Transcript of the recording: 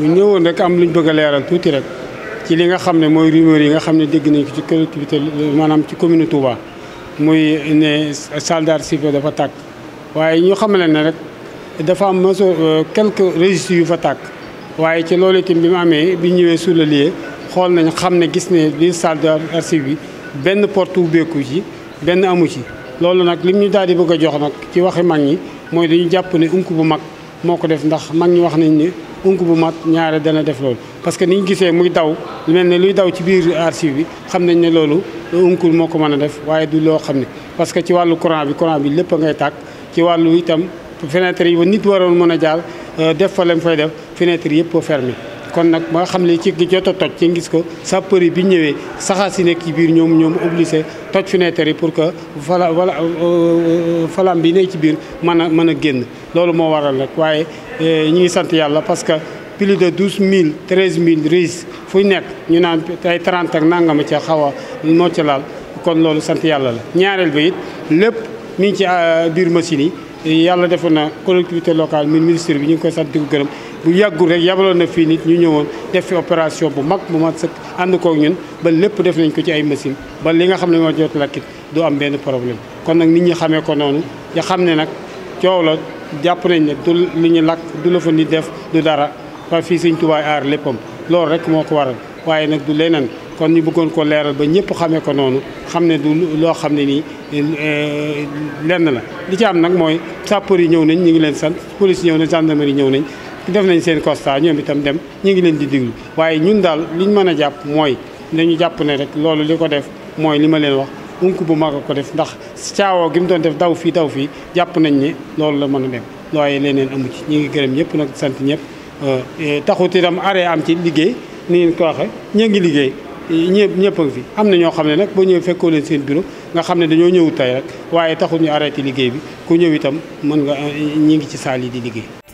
ñu ñëwoon rek am luñ bëgg a leeral tuuti rek ci li nga xam ne mooy rumeur yi nga xam ne dégg nañ ko ci collectivité maanaam ci commune Touba muy ne salle d'archives dafa tàkk waaye ñu xamale ne rek dafa am mesure quelques registres yu fa tàkk waaye ci loolu itam bi mu amee bi ñëwee sur le lieu xool nañu xam ne gis ne biir salle d'archives benn porte ubbeeku ci benn amu ci loolu nag lim ñu daal di bëgg jox nag ci waxi mag ñi mooy dañu jàpp ne unk bu mag moo ko def ndax mag ñu wax nañ ni unk bu mat ñaare dana def loolu parce que niñ gisee muy daw mel ne luy daw ci biir archive bi xam nañ ne loolu unkul moo ko mën a def waaye du loo xam ne parce que ci wàllu courant bi courant bi lépp ngay tàkk ci wàllu itam fenêtre yi nit waroon mën a jaar euh, def fa lañ fay def fenêtre yëpp ferme kon nag ba xam ne ci jot a toj ci ngis ko sa yi bi ñëwee saxaar si nekk ci biir ñoom ñoom obligé toj fenêtre yi pour que fala wala euh, euh, falaam bi nekk ci biir mën a mën a génn loolu moo waral nag waaye euh, ñu ngi sant yàlla parce que plus de douze mille treize mille riis fu nekk ñu naan ay trente ak nangama ca xaw a moo ca laal kon loolu sant yàlla la ñaareel ba it lépp mi ngi ci biir machine yi yàlla defoon na collectivité locale min ministre bi ñu ngi koy sant di ko gërëm bu yàggul rek yabaloon na fii nit ñu ñëwoon def fi opération bu mag bu mat sëkk ànd kook ñun ba lépp def nañ ko ci ay machine ba li nga xam ne moo jot lakkit du am benn problème kon nag nit ñi xamee noonu ya xam ne nag coow jàpp nañ ne du li ñu lakk du la fa nit def du dara parce que fii Sëñ Tuubaa aar léppam loolu rek moo ko waral waaye nag du leneen kon ñu bëggoon ko leeral ba ñëpp xamee ko noonu xam ne du loo xam ne nii euh, lenn la li ci am nag mooy sapeur yi ñëw nañ ñu ngi leen sant police ñëw nañ gendarmerie ñëw nañ def nañ seen constat ñoom itam dem ñu ngi leen di diglu waaye ñun daal liñ mën a jàpp mooy dañu jàpp ne rek loolu li ko def mooy li ma leen wax unk bu mag a ko def ndax caawoo gi mu doon def daw fii daw fii jàpp nañ ni loolu la mën a dem waaye leneen amu ci ñu ngi gërëm ñëpp nag sant ñëpp euh, taxut itam arrêt am ci liggéey ni ngeen ko ngi liggéey ñëpp ñëpp ak fi am na ñoo xam ne nag boo ñëwee fekkoo leen seen bureau nga xam ne dañoo ñëw tey rek waaye taxul ñu arrêté liggéey bi ku ñëw itam mën nga ñi ngi ci saal yi di liggéey